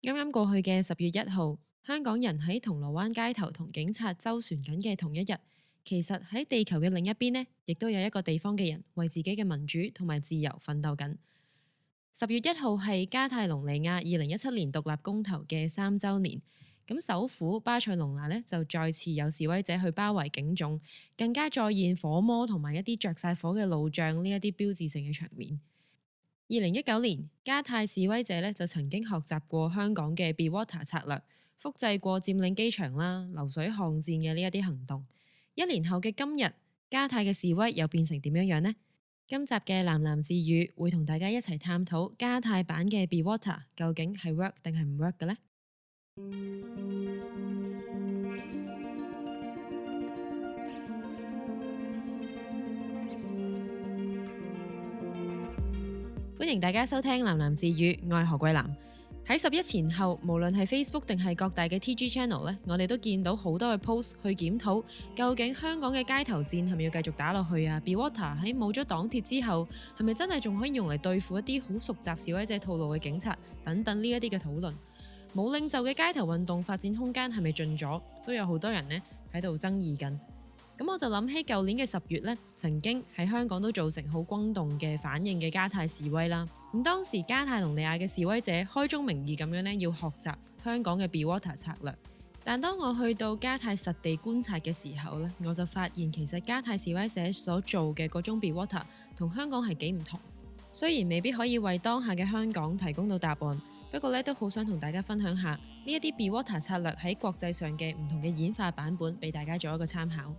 啱啱過去嘅十月一號，香港人喺銅鑼灣街頭同警察周旋緊嘅同一日，其實喺地球嘅另一邊呢，亦都有一個地方嘅人為自己嘅民主同埋自由奮鬥緊。十月一號係加泰隆尼亞二零一七年獨立公投嘅三周年，咁首府巴塞隆拿呢，就再次有示威者去包圍警種，更加再現火魔同埋一啲着晒火嘅路障呢一啲標誌性嘅場面。二零一九年，加泰示威者咧就曾經學習過香港嘅 Be Water 策略，複製過佔領機場啦、流水巷戰嘅呢一啲行動。一年後嘅今日，加泰嘅示威又變成點樣樣呢？今集嘅喃喃自語會同大家一齊探討加泰版嘅 Be Water 究竟係 work 定係唔 work 嘅呢？ 歡迎大家收聽喃喃自語，我係何桂藍。喺十一前後，無論係 Facebook 定係各大嘅 TG channel 咧，我哋都見到好多嘅 post 去檢討，究竟香港嘅街頭戰係咪要繼續打落去啊？Be Water 喺冇咗黨鐵之後，係咪真係仲可以用嚟對付一啲好熟習示威者套路嘅警察等等呢一啲嘅討論？冇領袖嘅街頭運動發展空間係咪盡咗？都有好多人呢喺度爭議緊。咁我就諗起舊年嘅十月呢，曾經喺香港都造成好轟動嘅反應嘅加泰示威啦。咁當時加泰隆尼亞嘅示威者開宗明義咁樣呢，要學習香港嘅 Be Water 策略。但當我去到加泰實地觀察嘅時候呢，我就發現其實加泰示威者所做嘅嗰種 Be Water 同香港係幾唔同。雖然未必可以為當下嘅香港提供到答案，不過呢都好想同大家分享下呢一啲 Be Water 策略喺國際上嘅唔同嘅演化版本，俾大家做一個參考。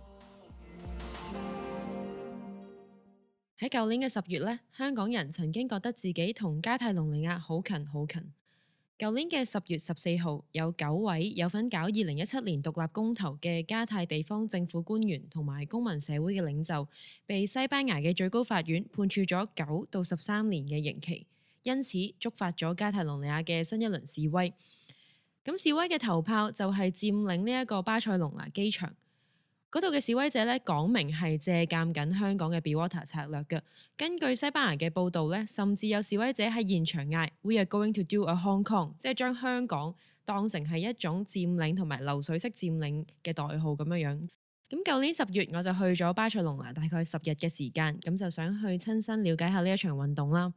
喺舊年嘅十月咧，香港人曾經覺得自己同加泰隆尼亞好近好近。舊年嘅十月十四號，有九位有份搞二零一七年獨立公投嘅加泰地方政府官員同埋公民社會嘅領袖，被西班牙嘅最高法院判處咗九到十三年嘅刑期，因此觸發咗加泰隆尼亞嘅新一輪示威。咁示威嘅頭炮就係佔領呢一個巴塞隆拿機場。嗰度嘅示威者呢，講明係借鑑緊香港嘅 Be Water 策略嘅。根據西班牙嘅報道呢，甚至有示威者喺現場嗌 We are going to do a Hong Kong，即係將香港當成係一種佔領同埋流水式佔領嘅代號咁樣樣。咁舊年十月我就去咗巴塞隆拿，大概十日嘅時間，咁就想去親身了解一下呢一場運動啦。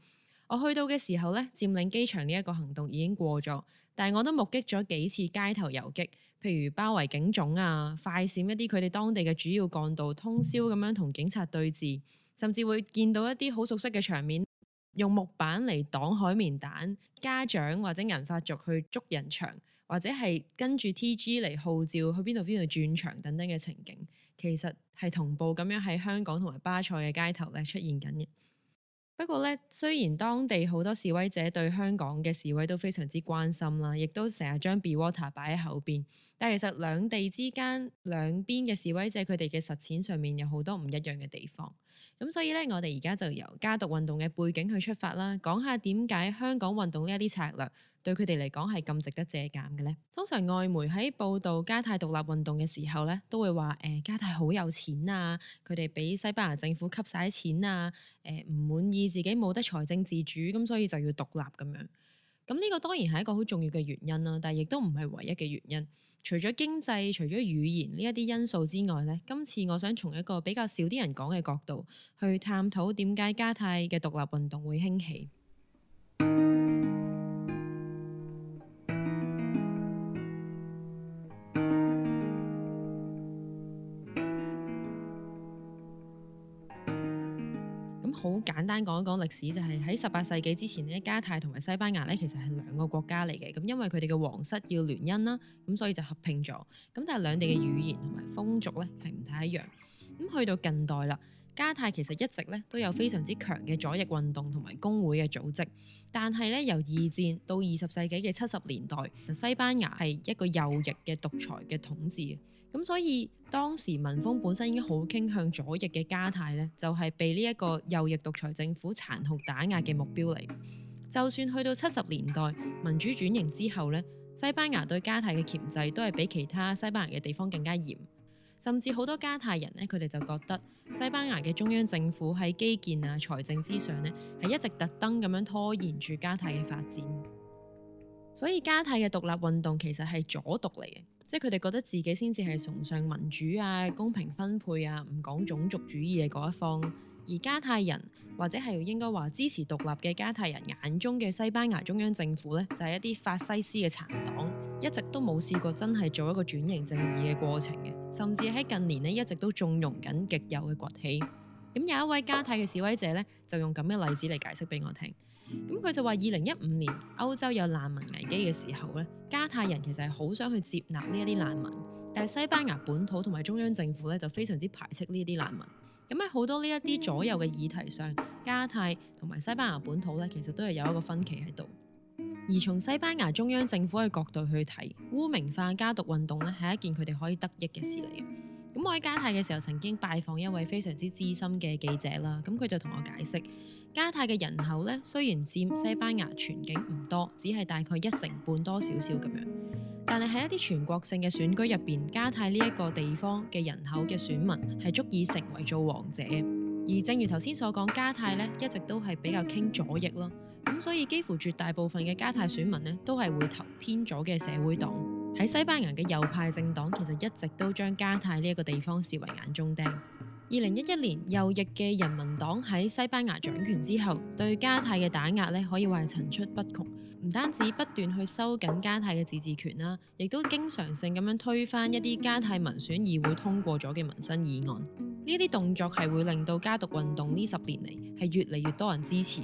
我去到嘅時候呢，佔領機場呢一個行動已經過咗，但係我都目擊咗幾次街頭遊擊。譬如包圍警總啊，快閃一啲佢哋當地嘅主要幹道，通宵咁樣同警察對峙，甚至會見到一啲好熟悉嘅場面，用木板嚟擋海綿彈、家長或者銀髮族去捉人牆，或者係跟住 TG 嚟號召去邊度邊度轉場等等嘅情景，其實係同步咁樣喺香港同埋巴塞嘅街頭咧出現緊嘅。不過咧，雖然當地好多示威者對香港嘅示威都非常之關心啦，亦都成日將 Be Water 擺喺後邊，但其實兩地之間兩邊嘅示威者佢哋嘅實踐上面有好多唔一樣嘅地方。咁所以咧，我哋而家就由加獨運動嘅背景去出發啦，講下點解香港運動呢一啲策略對佢哋嚟講係咁值得借鑑嘅咧？通常外媒喺報道加泰獨立運動嘅時候咧，都會話誒，加泰好有錢啊，佢哋俾西班牙政府吸晒錢啊，誒、呃、唔滿意自己冇得財政自主，咁所以就要獨立咁樣。咁呢個當然係一個好重要嘅原因啦，啊，但係亦都唔係唯一嘅原因。除咗經濟、除咗語言呢一啲因素之外呢，今次我想從一個比較少啲人講嘅角度去探討點解加泰嘅獨立運動會興起。 好簡單講一講歷史，就係喺十八世紀之前呢，加泰同埋西班牙呢，其實係兩個國家嚟嘅，咁因為佢哋嘅皇室要聯姻啦，咁所以就合併咗。咁但係兩地嘅語言同埋風俗呢，係唔太一樣。咁去到近代啦，加泰其實一直呢都有非常之強嘅左翼運動同埋工會嘅組織，但係呢，由二戰到二十世紀嘅七十年代，西班牙係一個右翼嘅獨裁嘅統治。咁、嗯、所以當時民風本身已經好傾向左翼嘅加泰呢，就係、是、被呢一個右翼獨裁政府殘酷打壓嘅目標嚟。就算去到七十年代民主轉型之後呢，西班牙對加泰嘅鉗制都係比其他西班牙嘅地方更加嚴。甚至好多加泰人呢，佢哋就覺得西班牙嘅中央政府喺基建啊、財政之上呢，係一直特登咁樣拖延住加泰嘅發展。所以加泰嘅獨立運動其實係左獨嚟嘅。即係佢哋覺得自己先至係崇尚民主啊、公平分配啊，唔講種族主義嘅嗰一方；而加泰人或者係應該話支持獨立嘅加泰人眼中嘅西班牙中央政府咧，就係一啲法西斯嘅殘黨，一直都冇試過真係做一個轉型正義嘅過程嘅，甚至喺近年咧一直都縱容緊極右嘅崛起。咁有一位加泰嘅示威者咧，就用咁嘅例子嚟解釋俾我聽。咁佢就話：二零一五年歐洲有難民危機嘅時候咧，加泰人其實係好想去接納呢一啲難民，但係西班牙本土同埋中央政府咧就非常之排斥呢啲難民。咁喺好多呢一啲左右嘅議題上，加泰同埋西班牙本土咧其實都係有一個分歧喺度。而從西班牙中央政府嘅角度去睇，污名化加獨運動咧係一件佢哋可以得益嘅事嚟嘅。咁我喺加泰嘅時候曾經拜訪一位非常之資深嘅記者啦，咁佢就同我解釋。加泰嘅人口咧，雖然佔西班牙全境唔多，只係大概一成半多少少咁樣，但係喺一啲全國性嘅選舉入邊，加泰呢一個地方嘅人口嘅選民係足以成為造王者。而正如頭先所講，加泰咧一直都係比較傾左翼咯，咁所以幾乎絕大部分嘅加泰選民呢都係會投偏左嘅社會黨。喺西班牙嘅右派政黨其實一直都將加泰呢一個地方視為眼中釘。二零一一年右翼嘅人民黨喺西班牙掌權之後，對加泰嘅打壓呢，可以話係層出不窮。唔單止不斷去收緊加泰嘅自治權啦，亦都經常性咁樣推翻一啲加泰民選議會通過咗嘅民生議案。呢啲動作係會令到加獨運動呢十年嚟，係越嚟越多人支持。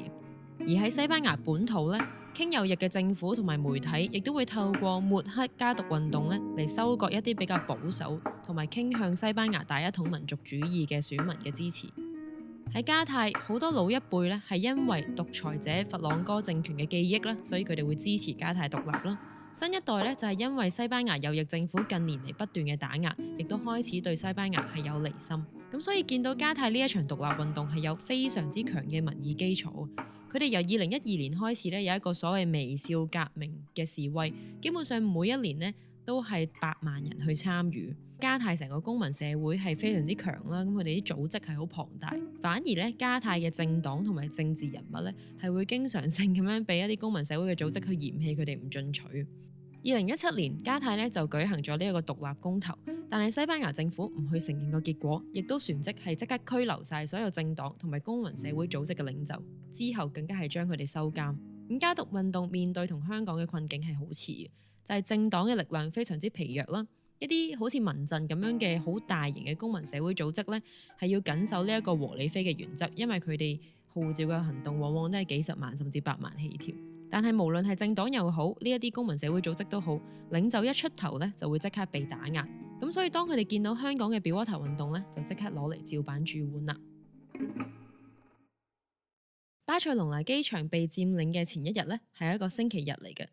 而喺西班牙本土呢。傾右翼嘅政府同埋媒體，亦都會透過抹黑加獨運動咧，嚟收割一啲比較保守同埋傾向西班牙大一統民族主義嘅選民嘅支持。喺加泰好多老一輩咧，係因為獨裁者佛朗哥政權嘅記憶咧，所以佢哋會支持加泰獨立啦。新一代咧就係、是、因為西班牙右翼政府近年嚟不斷嘅打壓，亦都開始對西班牙係有離心。咁所以見到加泰呢一場獨立運動係有非常之強嘅民意基礎。佢哋由二零一二年開始咧有一個所謂微笑革命嘅示威，基本上每一年咧都係百萬人去參與。加泰成個公民社會係非常之強啦，咁佢哋啲組織係好龐大，反而咧加泰嘅政黨同埋政治人物咧係會經常性咁樣俾一啲公民社會嘅組織去嫌棄佢哋唔進取。二零一七年，加泰咧就舉行咗呢一個獨立公投，但係西班牙政府唔去承認個結果，亦都旋即係即刻拘留晒所有政黨同埋公民社會組織嘅領袖，之後更加係將佢哋收監。咁加獨運動面對同香港嘅困境係好似嘅，就係政黨嘅力量非常之疲弱啦，一啲好似民陣咁樣嘅好大型嘅公民社會組織咧，係要緊守呢一個和理非嘅原則，因為佢哋號召嘅行動往往都係幾十萬甚至百萬起跳。但係無論係政黨又好，呢一啲公民社會組織都好，領袖一出頭咧，就會即刻被打壓。咁所以當佢哋見到香港嘅 Be Water 運動咧，就即刻攞嚟照板煮碗啦。巴塞隆拿機場被佔領嘅前一日咧，係一個星期日嚟嘅。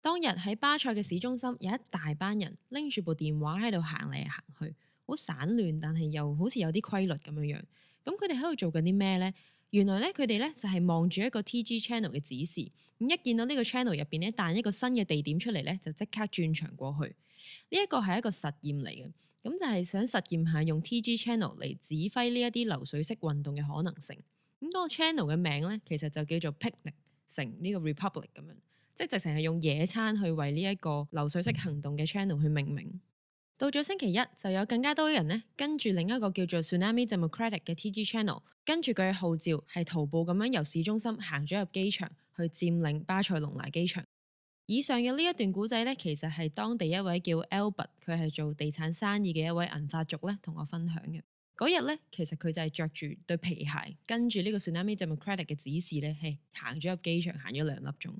當日喺巴塞嘅市中心有一大班人拎住部電話喺度行嚟行去，好散亂，但係又好似有啲規律咁樣樣。咁佢哋喺度做緊啲咩咧？原來咧，佢哋咧就係、是、望住一個 T G channel 嘅指示，咁、嗯、一見到呢個 channel 入邊咧彈一個新嘅地點出嚟咧，就即刻轉場過去。呢、這、一個係一個實驗嚟嘅，咁、嗯、就係、是、想實驗下用 T G channel 嚟指揮呢一啲流水式運動嘅可能性。咁、嗯，那個 channel 嘅名咧，其實就叫做 Picnic 成呢個 Republic 咁樣，即係直情係用野餐去為呢一個流水式行動嘅 channel 去命名。嗯到咗星期一，就有更加多人咧跟住另一個叫做 Tsunami Democratic 嘅 TG Channel，跟住佢嘅號召，係徒步咁樣由市中心行咗入機場，去佔領巴塞隆拿機場。以上嘅呢一段故仔咧，其實係當地一位叫 Albert，佢係做地產生意嘅一位銀髮族咧，同我分享嘅。嗰日咧，其實佢就係着住對皮鞋，跟住呢個 Tsunami Democratic 嘅指示咧，係行咗入機場，行咗兩粒鐘。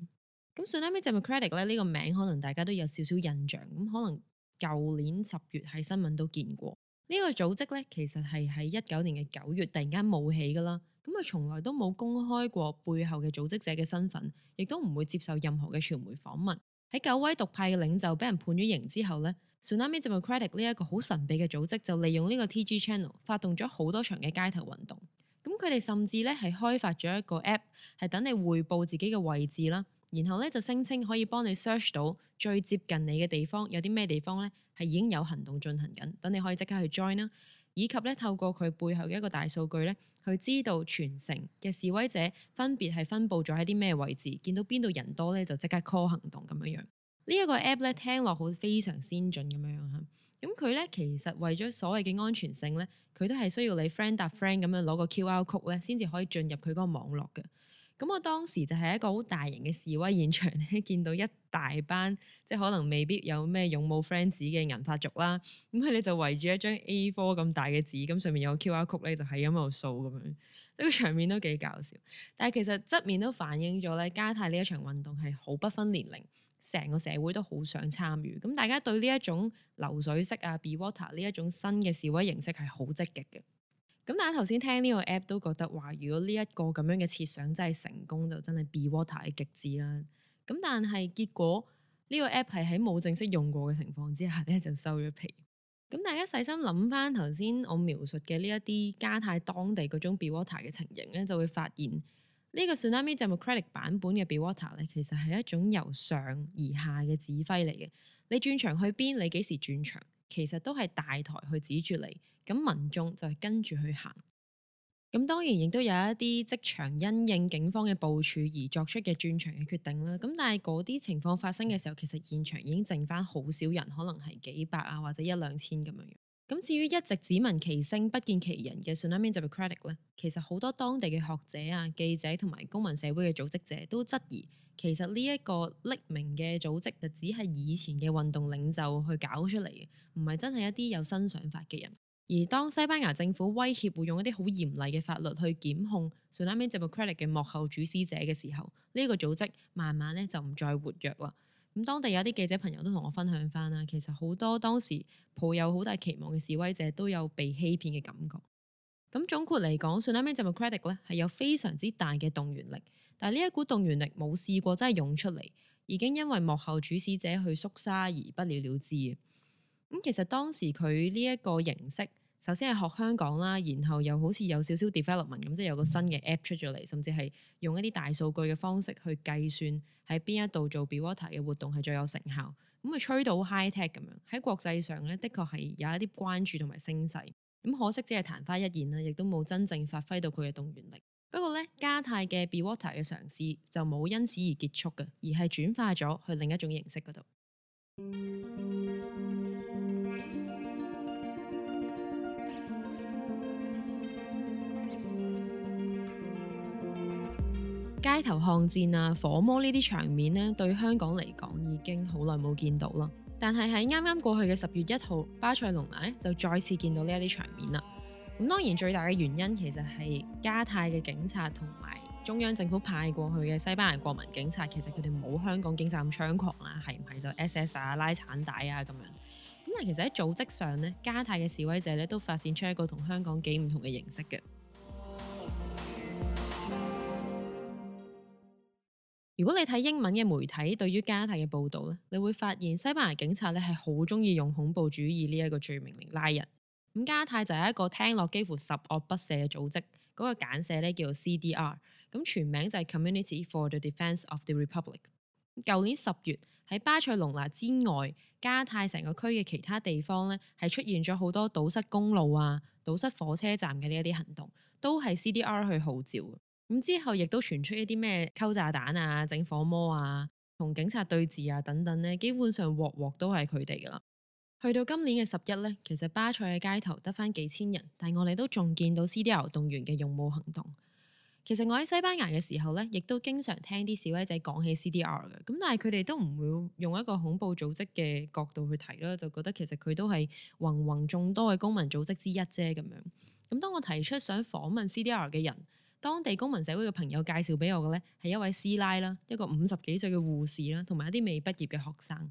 咁 Tsunami Democratic 咧呢個名，可能大家都有少少印象，咁可能。舊年十月喺新聞都見過呢、呢個組織咧，其實係喺一九年嘅九月突然間冒起噶啦。咁佢從來都冇公開過背後嘅組織者嘅身份，亦都唔會接受任何嘅傳媒訪問。喺九位獨派嘅領袖俾人判咗刑之後咧，Tsunami Democratic 呢一個好神秘嘅組織，就利用呢個 TG channel 發動咗好多場嘅街頭運動。咁佢哋甚至咧係開發咗一個 app，係等你匯報自己嘅位置啦。然後咧就聲稱可以幫你 search 到最接近你嘅地方，有啲咩地方咧係已經有行動進行緊，等你可以即刻去 join 啦。以及咧透過佢背後嘅一個大數據咧，去知道全城嘅示威者分別係分布咗喺啲咩位置，見到邊度人多咧就即刻 call 行動咁樣樣。呢一個 app 咧聽落好非常先進咁樣嚇。咁佢咧其實為咗所謂嘅安全性咧，佢都係需要你 friend 搭 friend 咁樣攞個 QR code 咧先至可以進入佢嗰個網絡嘅。咁我當時就係一個好大型嘅示威現場，咧 見到一大班即係可能未必有咩勇武 friends 嘅銀髮族啦，咁佢哋就圍住一張 A4 咁大嘅紙，咁上面有 QR Code，咧，就喺咁喺度掃咁樣，呢個場面都幾搞笑。但係其實側面都反映咗咧，加泰呢一場運動係好不分年齡，成個社會都好想參與。咁大家對呢一種流水式啊，Be Water 呢一種新嘅示威形式係好積極嘅。咁大家頭先聽呢個 app 都覺得話，如果呢一個咁樣嘅設想真係成功，就真係 be water 嘅極致啦。咁但係結果呢個 app 係喺冇正式用過嘅情況之下咧，就收咗皮。咁大家細心諗翻頭先我描述嘅呢一啲加泰當地嗰種 be water 嘅情形咧，就會發現呢個 Tsunami Democratic 版本嘅 be water 咧，其實係一種由上而下嘅指揮嚟嘅。你轉場去邊？你幾時轉場？其實都係大台去指住你，咁民眾就係跟住去行。咁當然亦都有一啲職場因應警方嘅部署而作出嘅轉場嘅決定啦。咁但係嗰啲情況發生嘅時候，其實現場已經剩翻好少人，可能係幾百啊或者一兩千咁樣樣。咁至於一直只聞其聲不見其人嘅 Tsunami Democràtic 咧，其實好多當地嘅學者啊、記者同埋公民社會嘅組織者都質疑。其實呢一個匿名嘅組織就只係以前嘅運動領袖去搞出嚟嘅，唔係真係一啲有新想法嘅人。而當西班牙政府威脅會用一啲好嚴厲嘅法律去檢控，Tsunami Democràtic 嘅幕後主使者嘅時候，呢、這個組織慢慢咧就唔再活躍啦。咁當地有啲記者朋友都同我分享返啦，其實好多當時抱有好大期望嘅示威者都有被欺騙嘅感覺。咁總括嚟講，Tsunami Democràtic 咧係有非常之大嘅動員力。但係呢一股動員力冇試過真係湧出嚟，已經因為幕後主使者去縮沙而不了了之。咁其實當時佢呢一個形式，首先係學香港啦，然後又好似有少少 development 咁，即係有個新嘅 app 出咗嚟，甚至係用一啲大數據嘅方式去計算喺邊一度做 be water 嘅活動係最有成效。咁佢吹到 high tech 咁樣喺國際上咧，的確係有一啲關注同埋聲勢。咁可惜只係曇花一現啦，亦都冇真正發揮到佢嘅動員力。不過呢，加泰嘅 Be Water 嘅嘗試就冇因此而結束嘅，而係轉化咗去另一種形式嗰度。街頭巷戰啊，火魔呢啲場面呢，對香港嚟講已經好耐冇見到啦。但係喺啱啱過去嘅十月一號，巴塞隆拿呢就再次見到呢一啲場面啦。咁當然最大嘅原因其實係加泰嘅警察同埋中央政府派過去嘅西班牙國民警察，其實佢哋冇香港警察咁猖狂啊，係唔係就 SS 啊、拉鏟帶啊咁樣？咁但其實喺組織上呢，加泰嘅示威者咧都發展出一個同香港幾唔同嘅形式嘅。如果你睇英文嘅媒體對於加泰嘅報導咧，你會發現西班牙警察咧係好中意用恐怖主義呢一個罪名嚟拉人。咁加泰就係一個聽落幾乎十惡不赦嘅組織，嗰個簡寫咧叫做 CDR，咁全名就係 Community for the Defence of the Republic。舊年十月喺巴塞隆拿之外，加泰成個區嘅其他地方咧，係出現咗好多堵塞公路啊、堵塞火車站嘅呢一啲行動，都係 CDR 去號召。咁之後亦都傳出一啲咩溝炸彈啊、整火魔啊、同警察對峙啊等等咧，基本上鑊鑊都係佢哋噶啦。去到今年嘅十一咧，其實巴塞嘅街頭得翻幾千人，但係我哋都仲見到 CDR 動員嘅勇武行動。其實我喺西班牙嘅時候咧，亦都經常聽啲示威者講起 CDR 嘅，咁但係佢哋都唔會用一個恐怖組織嘅角度去睇咯，就覺得其實佢都係芸芸眾多嘅公民組織之一啫咁樣。咁當我提出想訪問 CDR 嘅人，當地公民社會嘅朋友介紹俾我嘅咧，係一位師奶啦，一個五十幾歲嘅護士啦，同埋一啲未畢業嘅學生。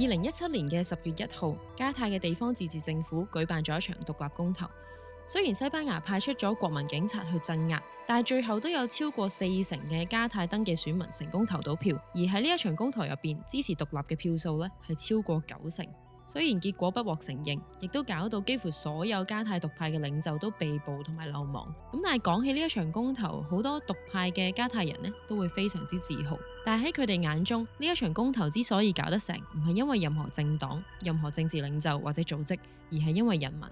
二零一七年嘅十月一號，加泰嘅地方自治政府舉辦咗一場獨立公投。雖然西班牙派出咗國民警察去鎮壓，但係最後都有超過四成嘅加泰登記選民成功投到票。而喺呢一場公投入邊，支持獨立嘅票數呢，係超過九成。雖然結果不獲承認，亦都搞到幾乎所有加泰獨派嘅領袖都被捕同埋流亡。但係講起呢一場公投，好多獨派嘅加泰人呢都會非常之自豪。但係喺佢哋眼中，呢一場公投之所以搞得成，唔係因為任何政黨、任何政治領袖或者組織，而係因為人民。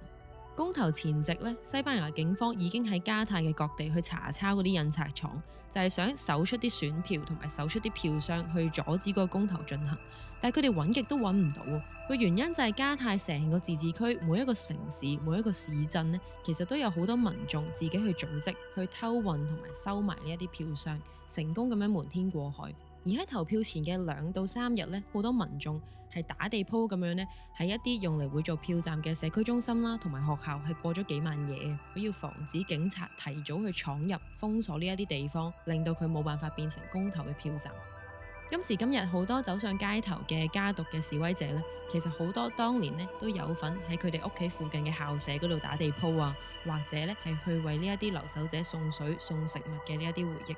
公投前夕呢，西班牙警方已經喺加泰嘅各地去查抄嗰啲印刷廠，就係想搜出啲選票同埋搜出啲票箱去阻止個公投進行。但係佢哋揾極都揾唔到，個原因就係加泰成個自治區每一個城市，每一個市鎮呢，其實都有好多民眾自己去組織去偷運同埋收埋呢一啲票箱，成功咁樣瞞天過海。而喺投票前嘅兩到三日呢，好多民眾，係打地鋪咁樣呢，喺一啲用嚟會做票站嘅社區中心啦，同埋學校，係過咗幾萬嘢嘅。佢要防止警察提早去闖入封鎖呢一啲地方，令到佢冇辦法變成公投嘅票站。今時今日好多走上街頭嘅加泰嘅示威者呢，其實好多當年咧都有份喺佢哋屋企附近嘅校舍嗰度打地鋪啊，或者咧係去為呢一啲留守者送水送食物嘅呢一啲回憶。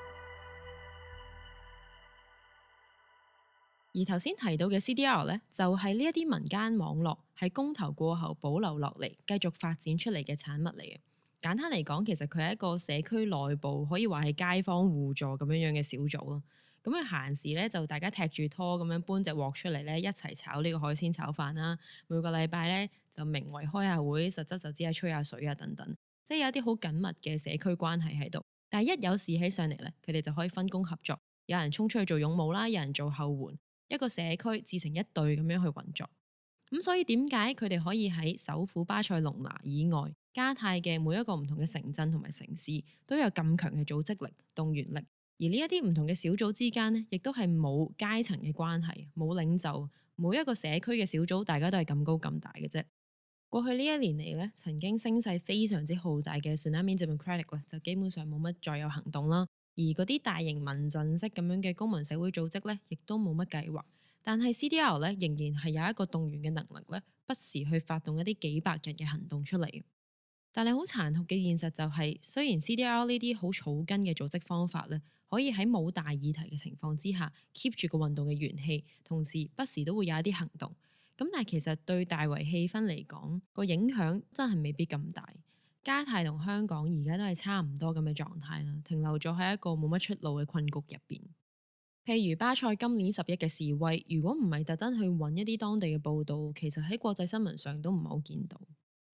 而頭先提到嘅 CDR 咧，就係呢一啲民間網絡，係公投過後保留落嚟，繼續發展出嚟嘅產物嚟嘅。簡單嚟講，其實佢係一個社區內部可以話係街坊互助咁樣樣嘅小組咯。咁佢閒時咧就大家踢住拖咁樣搬隻鑊出嚟咧，一齊炒呢個海鮮炒飯啦。每個禮拜咧就名為開下會，實質就只係吹下水啊等等。即係有一啲好緊密嘅社區關係喺度。但係一有事起上嚟咧，佢哋就可以分工合作，有人衝出去做勇武啦，有人做後援。一個社區自成一隊咁樣去運作，咁、嗯、所以點解佢哋可以喺首府巴塞隆拿以外，加泰嘅每一個唔同嘅城鎮同埋城市都有咁強嘅組織力、動員力，而呢一啲唔同嘅小組之間呢，亦都係冇階層嘅關係，冇領袖，每一個社區嘅小組大家都係咁高咁大嘅啫。過去呢一年嚟呢，曾經聲勢非常之浩大嘅 Tsunami Democràtic 就基本上冇乜再有行動啦。而嗰啲大型民陣式咁樣嘅公民社會組織咧，亦都冇乜計劃。但係 CDL 咧，仍然係有一個動員嘅能力咧，不時去發動一啲幾百人嘅行動出嚟。但係好殘酷嘅現實就係，雖然 CDL 呢啲好草根嘅組織方法咧，可以喺冇大議題嘅情況之下 keep 住個運動嘅元氣，同時不時都會有一啲行動。咁但係其實對大圍氣氛嚟講，個影響真係未必咁大。加泰同香港而家都係差唔多咁嘅狀態啦，停留咗喺一個冇乜出路嘅困局入邊。譬如巴塞今年十一嘅示威，如果唔係特登去揾一啲當地嘅報道，其實喺國際新聞上都唔係好見到。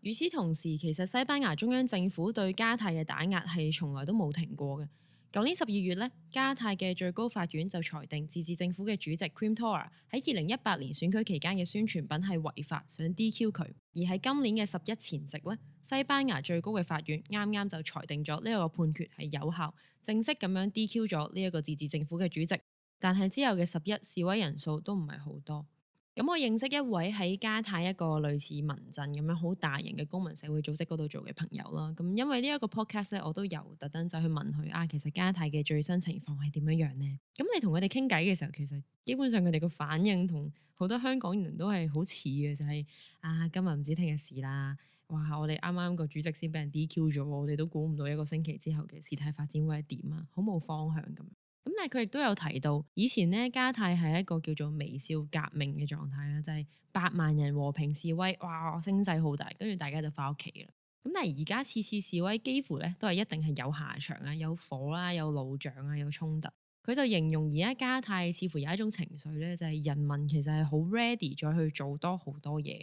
與此同時，其實西班牙中央政府對加泰嘅打壓係從來都冇停過嘅。舊年十二月呢，加泰嘅最高法院就裁定自治政府嘅主席 Quim Torra 喺二零一八年選舉期間嘅宣傳品係違法，想 DQ 佢。而喺今年嘅十一前夕呢，西班牙最高嘅法院啱啱就裁定咗呢一個判決係有效，正式咁樣 DQ 咗呢一個自治政府嘅主席。但係之後嘅十一示威人數都唔係好多。咁、嗯、我認識一位喺加泰一個類似民陣咁樣好大型嘅公民社會組織嗰度做嘅朋友啦。咁、嗯、因為呢一個 podcast 咧，我都有特登走去問佢啊，其實加泰嘅最新情況係點樣樣咧？咁、嗯、你同佢哋傾偈嘅時候，其實基本上佢哋個反應同好多香港人都係好似嘅，就係、是、啊，今日唔知聽日事啦。哇，我哋啱啱個主席先俾人 DQ 咗，我哋都估唔到一個星期之後嘅事態發展會係點啊，好冇方向咁。咁但係佢亦都有提到，以前咧加泰係一個叫做微笑革命嘅狀態啦，就係八萬人和平示威，哇，聲勢好大，跟住大家就翻屋企啦。咁但係而家次次示威幾乎咧都係一定係有下場啦，有火啦，有路障啊，有衝突。佢就形容而家加泰似乎有一種情緒咧，就係人民其實係好 ready 再去做多好多嘢。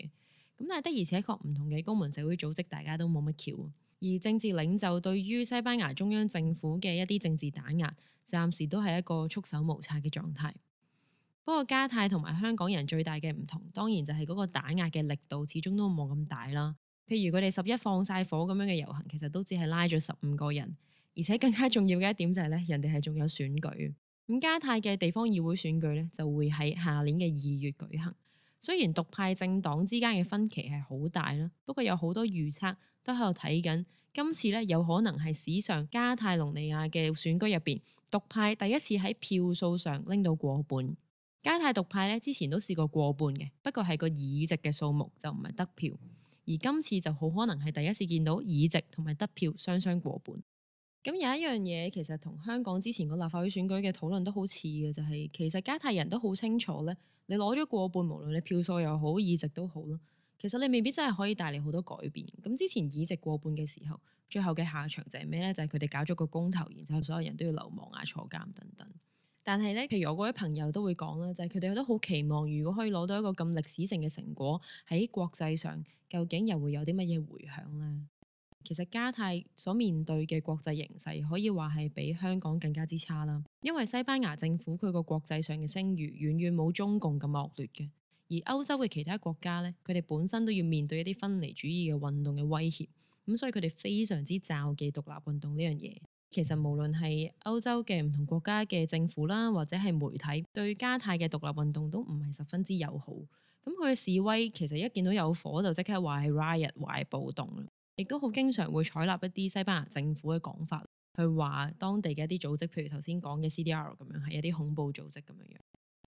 咁但係的而且確唔同嘅公民社會組織大家都冇乜橋，而政治領袖對於西班牙中央政府嘅一啲政治打壓，暫時都係一個束手無策嘅狀態。不過，加泰同埋香港人最大嘅唔同，當然就係嗰個打壓嘅力度，始終都冇咁大啦。譬如佢哋十一放晒火咁樣嘅遊行，其實都只係拉咗十五個人，而且更加重要嘅一點就係咧，人哋係仲有選舉。咁加泰嘅地方議會選舉咧，就會喺下年嘅二月舉行。雖然獨派政黨之間嘅分歧係好大啦，不過有好多預測都喺度睇緊，今次咧有可能係史上加泰隆尼亞嘅選舉入邊。獨派第一次喺票數上拎到過半，加泰獨派咧之前都試過過半嘅，不過係個議席嘅數目就唔係得票，而今次就好可能係第一次見到議席同埋得票雙雙過半。咁有一樣嘢其實同香港之前個立法會選舉嘅討論都好似嘅，就係其實加泰人都好清楚咧，你攞咗過半，無論你票數又好議席都好啦，其實你未必真係可以帶嚟好多改變。咁之前議席過半嘅時候，最後嘅下場就係咩咧？就係佢哋搞咗個公投，然之後所有人都要流亡啊、坐監等等。但係咧，譬如我嗰啲朋友都會講啦，就係佢哋都好期望，如果可以攞到一個咁歷史性嘅成果，喺國際上究竟又會有啲乜嘢回響咧？其實加泰所面對嘅國際形勢，可以話係比香港更加之差啦。因為西班牙政府佢個國際上嘅聲譽，遠遠冇中共咁惡劣嘅。而歐洲嘅其他國家咧，佢哋本身都要面對一啲分離主義嘅運動嘅威脅。咁、嗯、所以佢哋非常之罩忌獨立運動呢樣嘢。其實無論係歐洲嘅唔同國家嘅政府啦，或者係媒體對加泰嘅獨立運動都唔係十分之友好。咁佢嘅示威其實一見到有火就即刻話係 riot，話係暴動。亦都好經常會採納一啲西班牙政府嘅講法，去話當地嘅一啲組織，譬如頭先講嘅 CDR 咁樣，係一啲恐怖組織咁樣樣。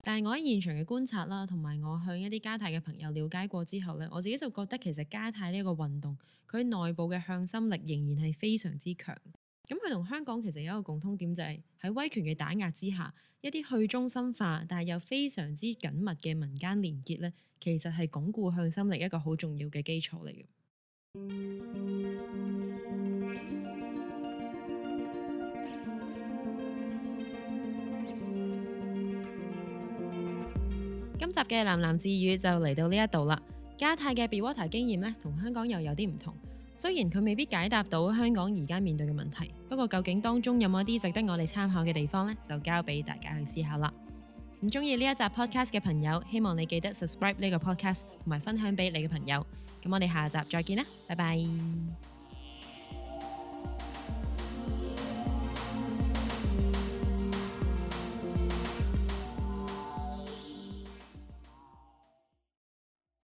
但係我喺現場嘅觀察啦，同埋我向一啲加泰嘅朋友了解過之後咧，我自己就覺得其實加泰呢一個運動，佢內部嘅向心力仍然係非常之強。咁佢同香港其實有一個共通點，就是，就係喺威權嘅打壓之下，一啲去中心化但係又非常之緊密嘅民間連結咧，其實係鞏固向心力一個好重要嘅基礎嚟嘅。 今集嘅喃喃自語就嚟到呢一度啦。加泰嘅 Be Water 經驗咧，同香港又有啲唔同。雖然佢未必解答到香港而家面對嘅問題，不過究竟當中有冇一啲值得我哋參考嘅地方咧，就交俾大家去思考啦。唔中意呢一集 podcast 嘅朋友，希望你記得 subscribe 呢個 podcast，同埋分享俾你嘅朋友。咁我哋下集再見啦，拜拜。